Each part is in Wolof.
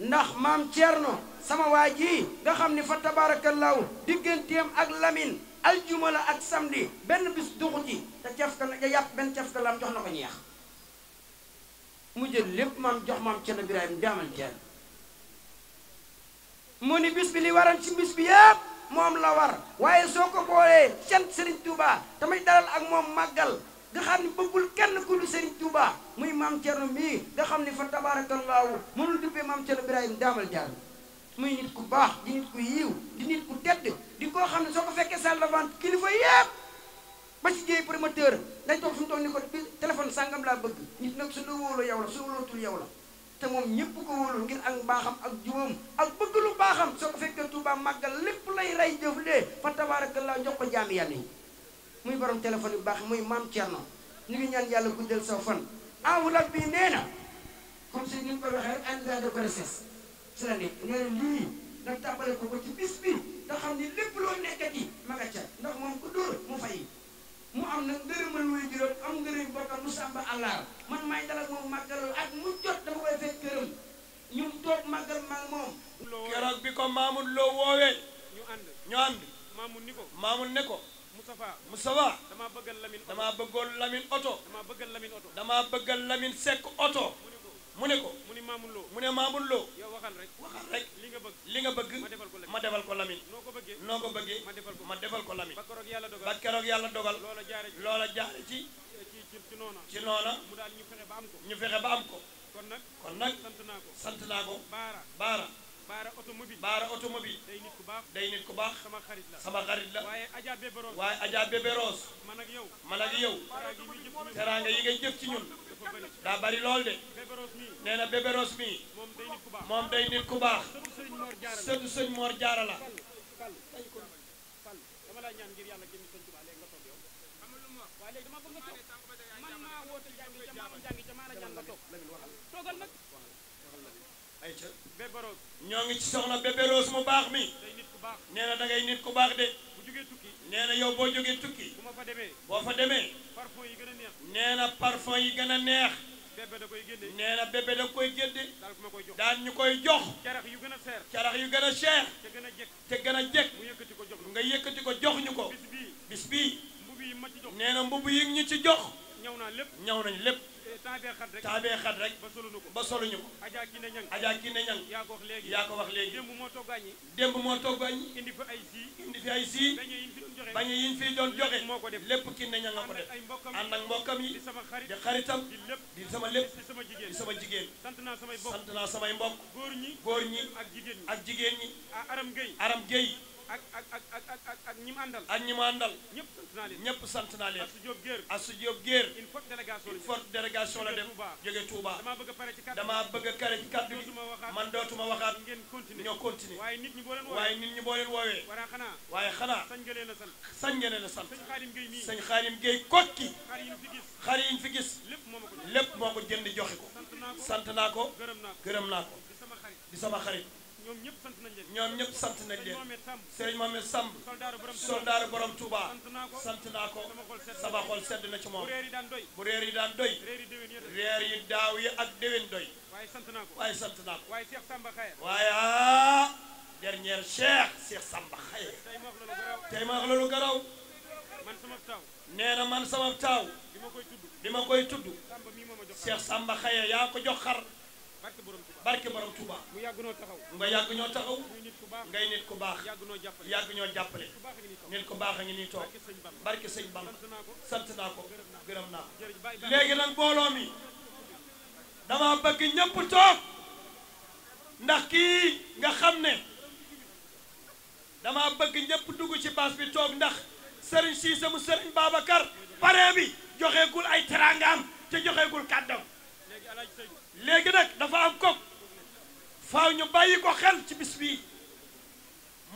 ndax maam no sama waa ji nga xam ni fa tabaarakallaahu digganteem ak lamin al la ak samedi benn bis duxu ji te cafka la yàpp benn cafka lam jox na ko ñeex mu jël lépp maam jox maam Thierno Birahim jaamal Thierno mu ni bis bi li waral ci bis bi yépp moom la war waaye soo ko boolee cant Serigne Touba tamay dalal ak moom màggal nga xam ne bëggul kenn ku dul Serigne Touba muy maam Thierno mii nga xam ni fa tabaarakallaahu mënul dubbee maam Thierno Birahim daamal jaar muy nit ku baax di nit ku yiiw di nit ku tedd di koo xam ne soo ko fekkee salle de vente kilifa yépp ba ci jéey promoteur dañ toog fu mu toog ni ko bi téléphone sàngam laa bëgg nit nag su la wóoloo yow la su wóolootul yow la te moom ñépp ko wóolu ngir ak mbaaxam ak jubam ak bëgg lu baaxam soo ko fekkee Touba màggal lépp lay rey jëf lee fa tabaarakallaahu jox ko jaami yàlla yi muy borom téléphone yu baax muy maam Thierno ñu ngi ñaan yàlla guddal sa fan enveloppe bi nee na comme si ni ñu ko waxee rek anniversaire de grossesse si la nekk nee na lii nag tàmbale ko ko nga xam ni lépp loo nekkat yi nga ca ndax moom mu am nag ngërëmal way juróom am ngërëm bokkam mu sàmba àllaar man maay dalal moom màggalal ak mu jot dama koy fekk këram ñun toog màggal mag moom keroog bi ko maamul loo woowee ñu ànd ñu ànd maamul maamul ne ko Moustapha Moustapha damaa bëggal Lamine damaa bëggoon Lamine oto damaa bëggal Lamine oto damaa bëggal Lamine Seck oto mu ne ko mu ne Mamoun loo mu ne Mamoun Lo yow waxal rek waxal rek li nga bëgg li nga bëgg ma defal ko Lamine noo ko bëggee noo ko bëggee ma defal ko Lamine ba keroog yàlla dogal ba keroog yàlla dogal loola jaare ci ci noona ci noona mu daal ñu fexe ba am ko ñu fexe ba am ko kon nag kon nag sant naa ko sant naa ko baara baara baara automobile baara automobile day nit ku baax day nit ku baax sama xarit la sama xarit la waaye Adja Bébé Rose waaye Adja Bébé Rose man ak yow man ak yow teraanga yi ngay jëf ci ñun daa bari lool de nee na Bébé Rose mii moom day nit ku baax sëtu sëñ Mor Jaara la ay ca ñoo ngi ci soxna bébé Rose mu baax mi nee na dangay nit ku baax de nee na yow boo jógee tukki boo fa demee nee na parfum yi gën a neex nee na bébé da koy génne daan ñu koy jox carax yu gën a cher carax yu gën a cher te gën a jekk nga yëkkati ko jox ñu ko bis bii nee na mbubu yi ñu ci jox ñaw nañ lépp. taabee xat rek ba soluñu ko ajaa kine ñang ajaa kine ñang yaa ko wax léegi yaa ko wax léegi démb moo toggaañ yi démb moo toggaañ yi indi fi ay si indi fi ay si bañ yiñ fi doon joxe moo ko def lépp kine a ko def ànd ak mbokkam yi di sama xarit di xaritam di sama lépp di sama jigéen sant naa samay mbokk sant naa samay mbokk góor ñi góor ñi ak jigéen ñi ak jigéen ñi aram géy aram géy ak ak ak ak ak ak ak ñi mu àndal. ñëpp sant naa leen ñëpp sant naa leen. Assou Diop Guèye. Assou Diop Guèye. une forte délégation la dem. jóge Touba damaa bëgg a pare ci kàddu damaa a pare man dootuma waxaat ngeen continuer ñoo continuer. waaye nit ñi boo leen woowee waaye nit ñi boo leen waaye xanaa sañ a sant. sañ nga leen a sant. sëñ Xaadim Guèye nii sëñ Xaadim Guèye kokki. xar yi ñu fi gis xar yi ñu fi gis. lépp moo ko jënd joxe ko. sant naa ko gërëm naa ko di sama xarit ñoom ñëpp sant nañ leen ñoom ñëpp sant nañ leen sëriñ Mohamed Samb soldaaru borom Touba sant naa ko sama xol sedd na ci moom bu réer yi daan doy réer yi daaw yi ak déwén doy waaye sant naa ko waaye sant naa ko waaye Cheikh Samba Xaye waaye ah dernier Cheikh Cheikh Samba Xaye tey ma wax loolu garaw nee na man sama taaw bi ma koy tudd Cheikh Samba Xaye yaa ko jox xar barke borom Touba mu yàgg ñoo taxaw nga yàgg ñoo taxaw ngay nit ku baax yàgg ñoo jàppale nit ku baax a ngi nii toog barke sëñ Bamba sant naa ko gërëm naa ko léegi nag mbooloo mi dama bëgg ñëpp toog ndax kii nga xam ne dama bëgg ñëpp dugg ci baas bi toog ndax sëriñ Cissé mu sëriñ Babacar pare bi joxeegul ay teraangaam te joxeegul kàddam léegi nag dafa am kok faaw ñu bàyyi ko xel ci bis bii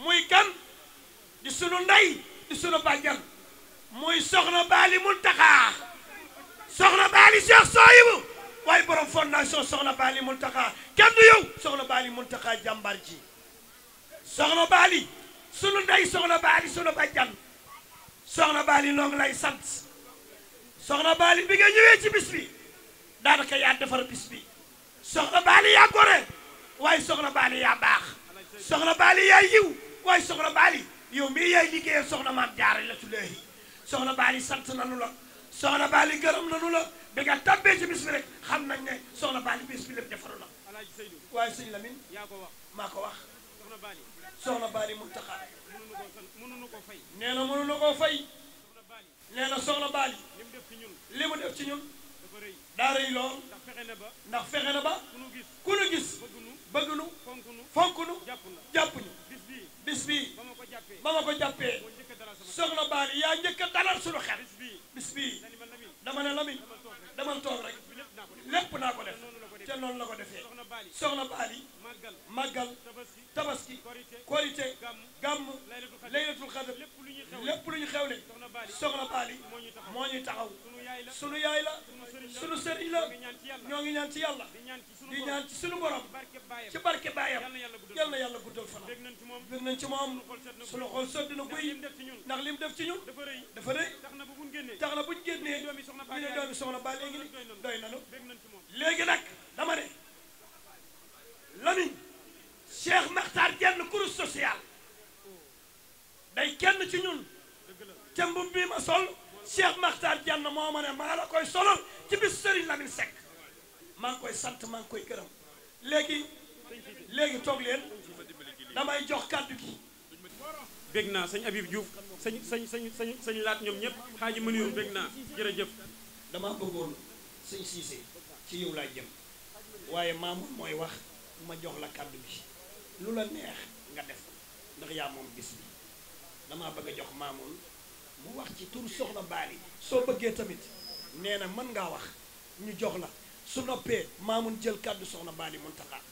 muy kan di sunu ndey di sunu bàjjan muy soxna baali muntaxaa soxna baali cheikh sooyibu waaye borom fondation soxna baali muntaxaa kenn du yow soxna baali muntaxaa jàmbar ji soxna baali sunu ndey soxna baali sunu bàjjan soxna baali noo ngi lay sant soxna baali bi nga ñëwee ci bis bi daanaka yaa defar bis bi soxna baali yaa gore waaye soxna baali yaa baax soxna baali yaa yiw waaye soxna baali yow mii yaay liggéeyal soxna maam jaara la tulaahi soxna baali sant nanu la soxna baali gërëm nanu la bi nga tàbbee ci bis bi xam nañ ne soxna baali bis bi lépp defaru la waaye sëñ Lamine maa ko wax soxna baali Muntaxa nee na mënuñu koo fay nee na soxna baali li mu def ci ñun daa rëy lool ndax fexe na ba ku nu gis bëgg nu fonk nu jàpp ñu bis bii ba ma ko jàppee soxna baali yaa njëkk a dalal suñu xel bis bii dama ne Lamine dama toog rek lépp naa ko def te noonu la ko defee soxna baali màggal tabaski korité gàmm laylatul xadr lépp lu ñu xewle soxna baali moo ñuy taxaw sunu yaay la sunu sëriñ la ñoo ngi ñaan ci yàlla di ñaan ci sunu borom ci barke baayam yal na yàlla guddal fanam bëgg nañ ci moom sunu xol sotti na guy ndax li def ci ñun dafa rëy tax na bu ñu génnee ñu ne doomi soxna baali léegi ni doy nanu léegi nag dama ne Lamine Cheikh Makhtar jenn kuréel social ca mbub bii ma sol Cheikh Makhtar Diagne moo ma ne maa la koy solal ci bis Serigne Lamine Seck maa ngi koy sant maa ngi koy gërëm léegi léegi toog leen damay jox kàddu gi. bég naa sëñ Habib Diouf sëñ sañ sañ sëñ laat ñoom ñëpp xaaji mënuyoon bég naa jërëjëf. dama bëggoon sëñ Cissé ci yow laa jëm waaye maamu mooy wax ma jox la kàddu gi lu la neex nga def ndax yaa moom bis bi damaa bëgg a jox maamoon bu wax ci turu soxna Baali soo bëggee tamit nee na mën ngaa wax ñu jox la su noppee maamun jël kàddu soxna Baali mun taxaa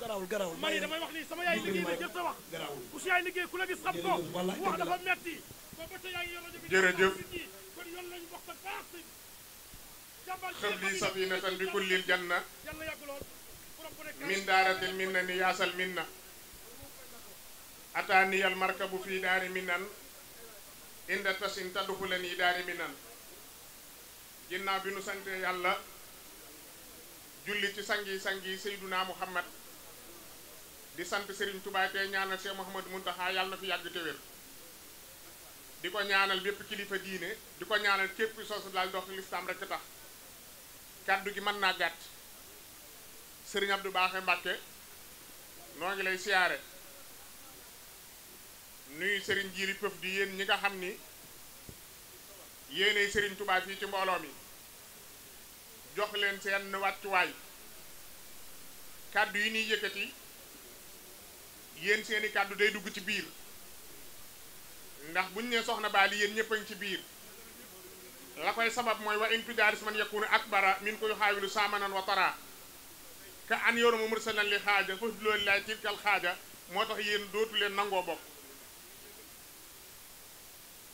garawul garawul man damay wax na jël sa wax garawul ku si yaay liggéey ku la gis xam ko wax dafa metti jërëjëf xëm lii sabinatan bi kullil janna min daaratin minna ni yaasal minna ataani yal markabu fii daari minan inda tasin tadxulani daari minan ginnaaw bi nu sante yàlla julli ci sangi sangi seyduna muhammad di sant Serigne Touba tey ñaanal Cheikh Mouhamadou Mountakha yàlla na fi yàgg te wér di ko ñaanal bépp kilifa diine di ko ñaanal képp soosu daal dox lislaam rek tax kàddu gi mën naa gàtt Serigne Abdou Baaxe Mbàkke noo ngi lay siyaare nuyu Serigne Djily Peuf di yéen ñi nga xam ni yéenay sëriñ Touba fii ci mbooloo mi jox leen seen wàccuwaay kàddu yi ñuy yëkkati yéen seeni kàddu day dugg ci biir ndax buñ ne soxna Baali yéen ñëpp a ci biir la koy sabab mooy wa in tudaaris man ak akbara min ko yuxaawilu saamanan wa tara ka an yoonu mu mursalan li xaaja fas dulóoli laay xaaja moo tax yéen dootu leen nangoo bokk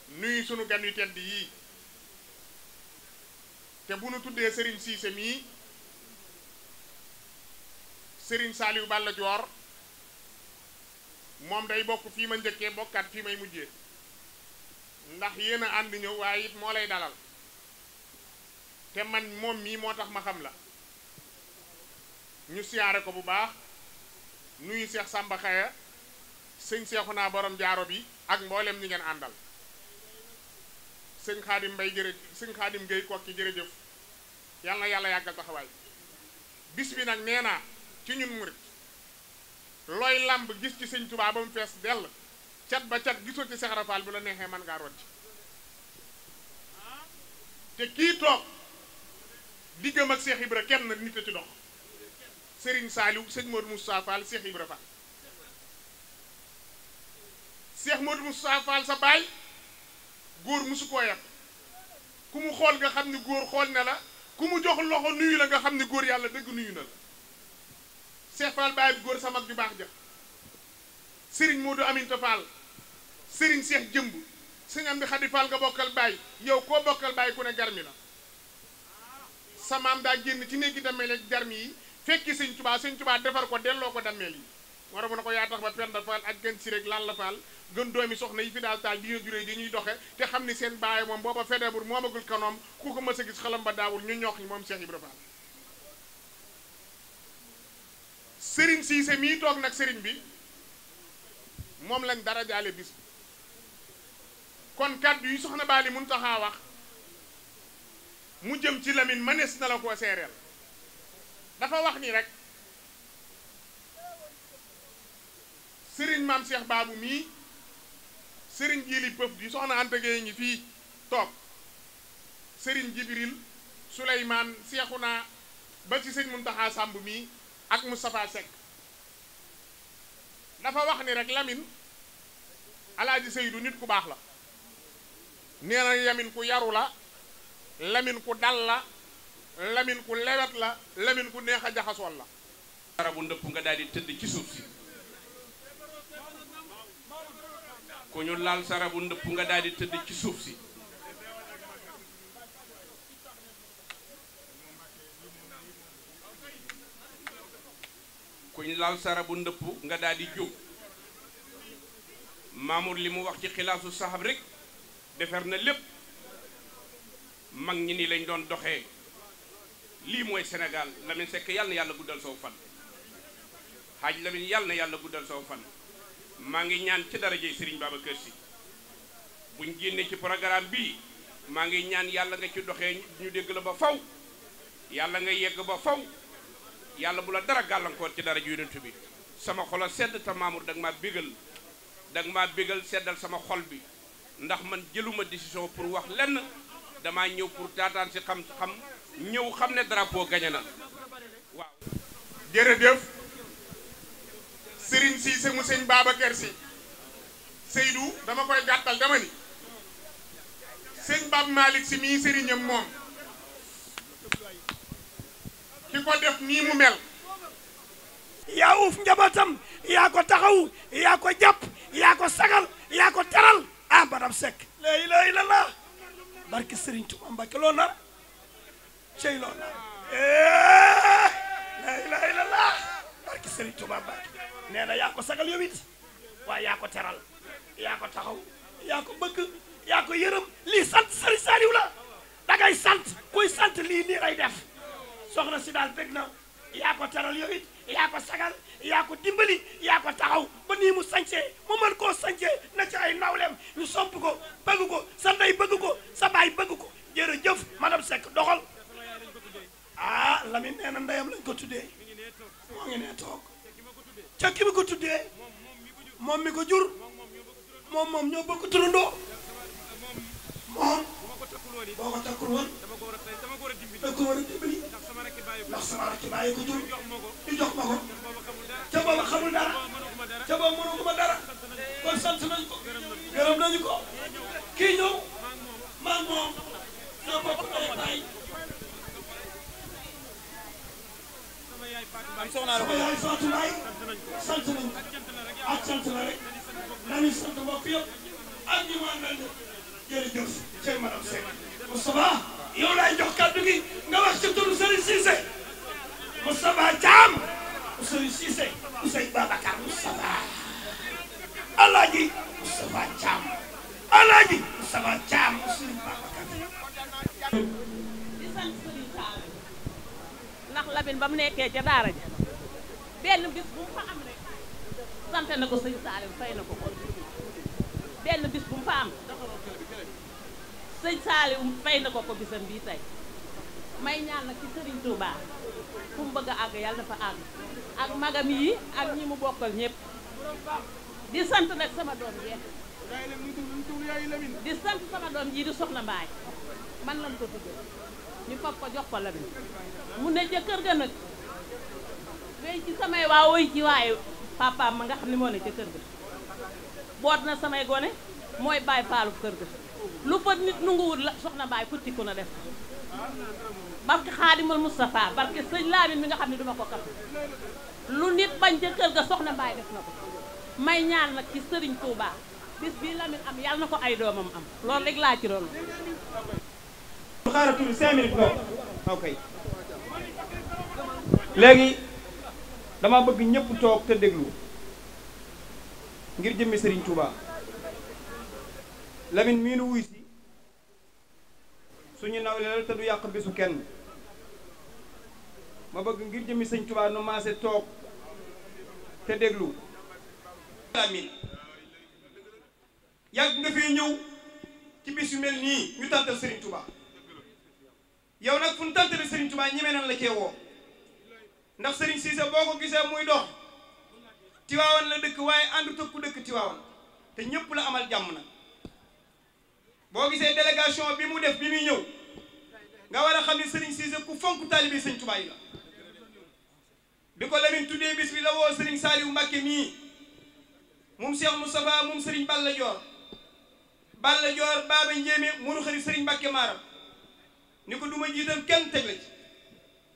nuyu sunu gan yu tedd yii te bu nu tuddee sëriñ Cissé mii sëriñ Saliou Balla Dior moom day bokk fii ma njëkkee bokkaat fii may mujje ndax yéen a ànd ñëw waaye it moo lay dalal te man moom mii moo tax ma xam la ñu siyaare ko bu baax nuyu Seex Sàmba Xaya sëñ Seexu naa borom jaaro bi ak mboolem ñi ngeen àndal sëñ xaadim mbay jërëjëf sëñ xaadim gay kokki jërëjëf yal na yàlla yàggal taxawaay bis bi nag nee naa ci ñun murit looy làmb gis ci sëñ tubaa ba mu fees dell cat ba cat gisoo ci sexarafaal bu la neexee man ngaa rocc te kii toog diggam ak Cheikh Ibra kenn nit a ci dox Serigne Saliou sëñ Modou Moussa Fall Cheikh Ibra Fall Cheikh Modou Moussa Fall sa baay góor musu koo yàq ku mu xool nga xam ni góor xool na la ku mu jox loxo nuyu la nga xam ni góor yàlla dëgg nuyu na la Cheikh Fall Baye góor sa mag ju baax ja Serigne Modou Aminta Fall Serigne Cheikh Jëmb sëñ am di Xadi Fall nga bokkal Baye yow koo bokkal Baye ku ne garmi la sa maam daa génn ci néegi dammeel ak garmi yi fekki sëñ Tubaa sëñ Tubaa defar ko delloo ko dammeel yi war a mun a ko yaa tax ba Penda Fall ak Gën si rek la Fall gën doomi soxna yi fi daal taal dina juree di ñuy doxe te xam ni seen bàyyi moom booba fedeebur moomagul kanoom ku ko mës a gis xalam ba daawul ñu ñox ñi moom Cheikh Ibrahima Fall sëriñ Siise mii toog nag sëriñ bi moom lañ dara jaale bis bi kon kàddu yi soxna Baali Muntaxa wax mu jëm ci Lamine mënees na la koo seereel dafa wax nii rek sëriñ maam Cheikh Baabu mii sëriñ Jili pëf di soxna Anta Gueye ngi fii toog sëriñ Jibril seexu Seexuna ba ci sëñ Muntaxa Sàmb mii ak Moustapha Seck dafa wax ni rek Lamine Alaaji Seydou nit ku baax la nee na Lamine ku yaru la Lamine ku dal la Lamine ku lewet la Lamine ku neex a jaxasool la dara bu ndëpp nga daal di tëdd ci suuf si ku ñu laal sarabu ndëpp nga daal di ci suuf si kuñ laal sarabu ndëpp nga daal di jóg Mamour li mu wax ci xilaasu saxab rek defar na lépp mag ñi nii lañ doon doxee lii mooy Sénégal Lamine sekk yàlla yàlla guddal soo fan xaaj Lamine yàlla yàlla guddal soo fan maa ngi ñaan ci darajey Serigne Babacar Sy buñ génnee ci programme bii maa ngi ñaan yàlla nga ci doxee ñu dégg la ba faw yàlla nga yegg ba faw yàlla bu la dara gàllankoor ci dara yonent bi sama xol a sedd te Mamour danga maa bégal danga maa bégal seddal sama xol bi ndax man jëluma décision pour wax lenn damaa ñëw pour taataan si xam-xam ñëw xam ne drapeau gañe na waaw Serigne Cissé mu sëñ Babacar Sy Seydou dama koy gàttal dama ni sëñ Bab Malick Sy mii sëriñam moom ki ko def nii mu mel yaa uuf njabootam yaa ko taxaw yaa ko jàpp yaa ko sagal yaa ko teral ah madam Seck laa ilaaha illallaah barke Serigne Touba Mbacké loo nee na yaa ko sagal yow it waaye yaa ko teral yaa ko taxaw yaa bëgg yaa yërëm lii sant sëriñ Saliou la dangay sant kuy sant lii nii def soxna si daal bëgg na yaa ko teral yow it yaa ko sagal yaa ko dimbali yaa taxaw ba nii mu mu mën koo sañcee na ci ay nawleem ñu somp ko bëgg ko sa ndey bëgg ko sa baay bëgg ko jërëjëf madame Seck doxal ah Lamine nee na ndeyam lañ ko tuddee moo ngi toog te ki ma ko tuddee moom mi ko jur moom moom ñoo bokk turandoo moom boo ko takkul woon da ko war a dimbali ndax sama rakk bàyyi ko jur ñu jox ma ko ca booba xamul dara ca booba mënu ko ma dara kon sant nañ ko. sëñ Saaliw fay na ko ko bisam bii tey may ñaan nag ci sëriñ Touba fu mu bëgg a àgg yàlla dafa àgg ak magam yi ak ñi mu bokkal ñëpp di sant nag sama doom yee ji di soxna mbaay man lan ko tuddee ñu fab ko jox ko Lamin mu ne jëkkër ga nag béy ci samay waa woy ci waaye papaam ma nga xam ni moo ne ca ga boot na samay gone mooy bàyyi faalu kër ga lu fa nit nanguwul la soxna baay futti ko na def barke xaadimal Moustapha barke sëñ Laamin mi nga xam ne duma ko kat lu nit bañ ca kër ga soxna mbaay def na ko may ñaan nag ci sëriñ Touba bis bii Lamin am yàlla na ko ay doomam am loolu rek laa ci doon xaaral tuuti cinq minutes toog ok léegi dama bëgg ñëpp toog te déglu ngir jëmmi sëriñ Touba Lamine mii nu wuy si suñu nawle la te du yàq bisu kenn ma bëgg ngir jëmi sëñ Tuubaa nu maase toog te déglu Lamine yàgg nga fee ñëw ci bis yu mel nii ñu tàntal Serigne Touba yow nag fu ñu tàntalee Serigne Touba ñeme nan la cee woo ndax Serigne Cissé boo ko gisee muy dox Tiwaawan la dëkk waaye àndu tëkku dëkk Tiwaawan te ñëpp la amal jàmm nag boo gisee délégation bi mu def bi muy ñëw nga war a xam ni Serigne Cissé ku fonk taalibe Serigne Touba yi la bi ko Lamine tuddee bis bi la woo Serigne Saliou Mbacké mii moom Cheikh Moustapha moom Serigne Balla Dior Balla Dior Baba Ndiémé munu xarit Serigne Mbacké Maram ni ko du ma jiital kenn teg la ci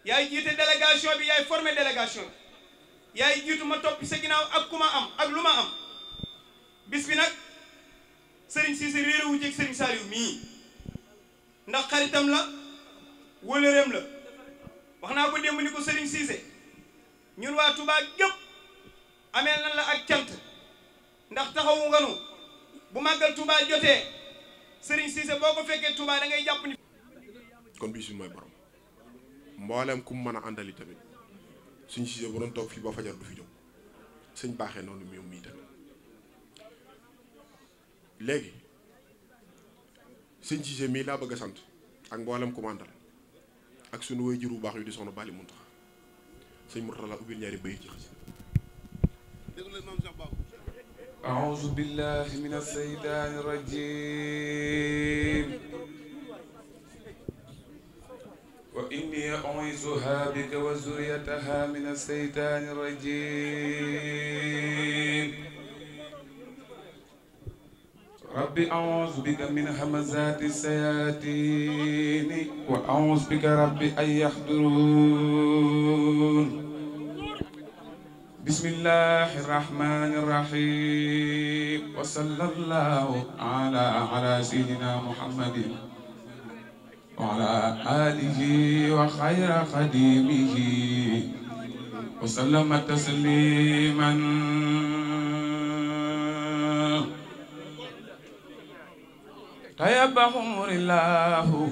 yaay jiite délégation bi yaay formé délégation bi yaay jiitu ma topp sa ginnaaw ak ku ma am ak lu ma am bis bi nag sëriñ Cissé réeré wu jeeg sëriñ Saliou mii ndax xaritam la wëlëreem la wax naa ko démb ni ko sëriñ Cissé ñun waa Touba gépp ameel nan la ak cant ndax taxawu nga nu bu màggal Touba jotee sëriñ Cissé boo ko fekkee Touba da jàpp ni. kon bii suñ mooy borom mboolem ku mën a àndali tamit suñ Cissé bu doon toog fii ba fajar du fi jóg suñ baaxee noonu mi mii tamit. léegi sëñ Cissé mii laa bëgg sant ak mboolem commandal ak sunu woy jur bu baax yu di soxna Bali Muntaxa sëñ Murtala ubbil ñaari béy ci xasida أعوذ بالله من الشيطان الرجيم وإني أعيذها بك وزريتها من الشيطان الرجيم ربي أعوذ بك من همزات الشياطين وأعوذ بك ربي أن يحضرون بسم الله الرحمن الرحيم وصلى الله على على سيدنا محمد وعلى آله وخير خديمه وسلم تسليما طيب عمر الله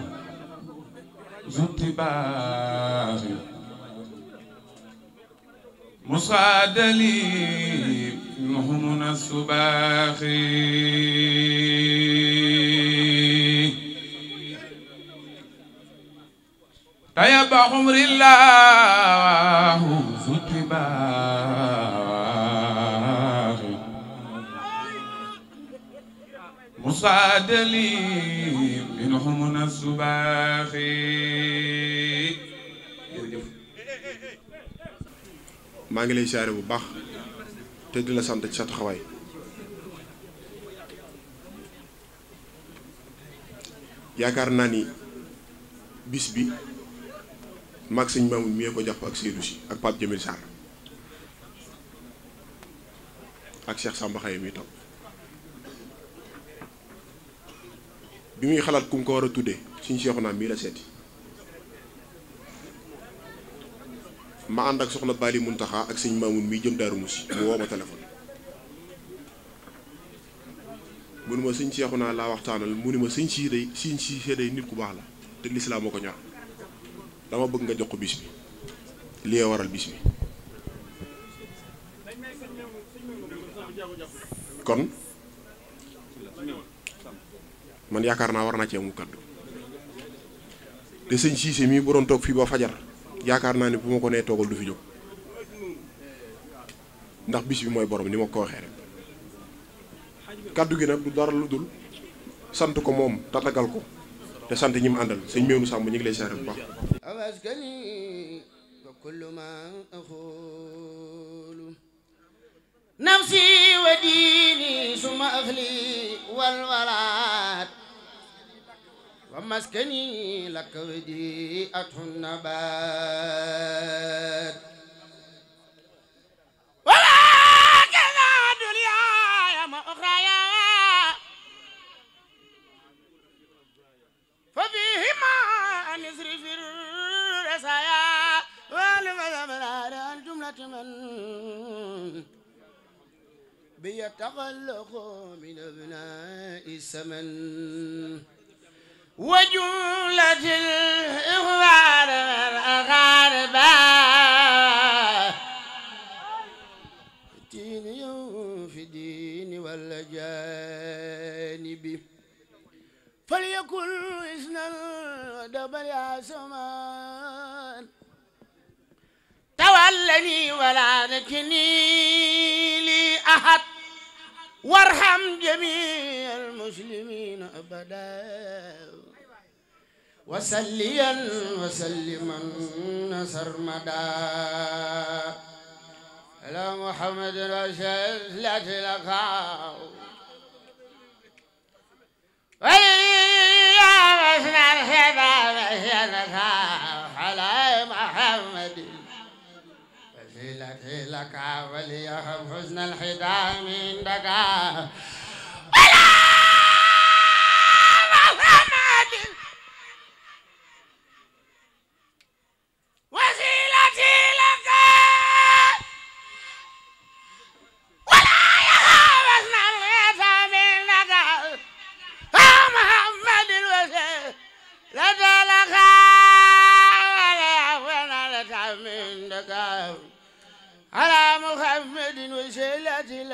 ذو اتباع مسعد لي منهم السباخ طيب عمر الله صاد لي منهم السباخي maa ngi lay siyaare bu baax te di la sant ci sa taxawaay yaakaar naa ni bis bi mag sëñ Mamoun mi ko jàpp ak Seydou si ak Pape Jamil Sarr ak Cheikh Samba mi toog bi muy xalaat ku ko war a tuddee suñu Seexuna mii la seeti ma ànd ak soxna Bali Muntaxa ak sëñ Maamun mii jëm Daaru Musi mu woo ma téléphone mënu ma sëñ Seexuna laa waxtaanal mu ni ma sëñ sii day sëñ nit ku baax la te lislaam moo ko ñor dama bëgg nga jox ko bis bi li waral bis bi kon man yaakaar naa war naa ci amul kaddu te sëñ Cissé mii bu doon toog fii ba fajar yaakaar naa ne bu ma ko nee toogal du fi jóg ndax bis bi mooy borom ni ma ko waxee gi nag du dara lu dul sant ko moom tatagal ko te sant ñi mu àndal sëñ Mewnu Samb ñu ngi lay seere bu baax. ومسكني لك وديئة النبات ولكن دنياي ما أخرايا ففيهما نزر في الرسايا والمذبلة الجملة من بيتغلق من أبناء السمن وجملة الإخوان والأقارب دينهم في الدين والجانب فليكن إسنا ودبر يا سمان تولني ولا تكني لي أحد وارحم جميع المسلمين أبدا وسليا وسلما سرمدا على محمد رسول لا تلقاو ويا مسنا الخدام على محمد وسيلتي لك وليهم حزن الحدام عندك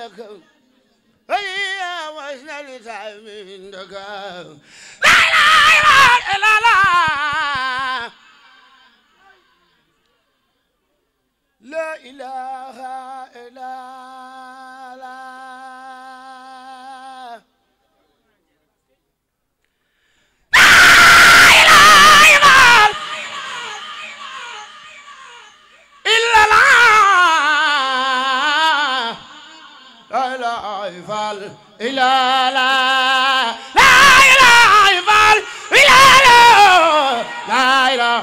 عندك هيا وزن لتعب عندك لا اله الا الله لا اله إلا لا لا إله إلا لا إله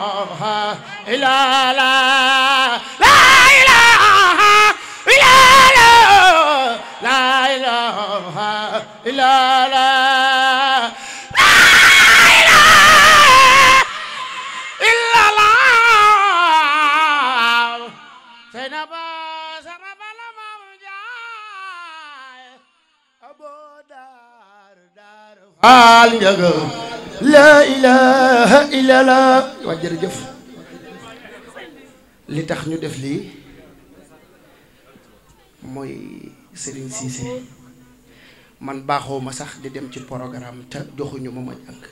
إلا لا al njaga laa ilaha illa la jërëjëf li tax ñu def lii mooy Serigne Cissé man baaxoo ma sax di dem ci programme te joxuñu ma ma jàng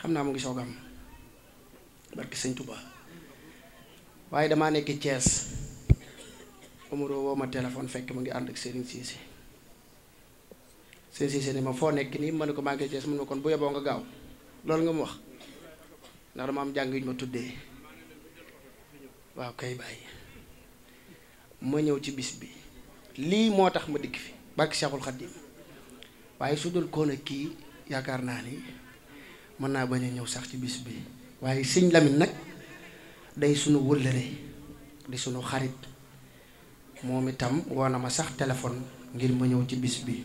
xam naa mu ngi soog am barki sëñ Touba waaye damaa nekk Thiès Omaro woo ma téléphone fekk mu ngi ànd ak Serigne Cissé sëñ Cissé ne ma foo nekk nii ma ne ko maa ngi Cees mu ne ma kon bu yeboo nga gaaw loolu nga mu wax ndax dama am jàng yu ñu ma tuddee waaw kay bàyyi ma ñëw ci bis bi lii moo tax ma dikk fi barki Seexul Xadiim waaye su dul koon ak kii yaakaar naa ni mën naa bañ a ñëw sax ci bis bi waaye sëñ Lamine nag day sunu wëllëre di sunu xarit moom itam woo na ma sax téléphone ngir ma ñëw ci bis bi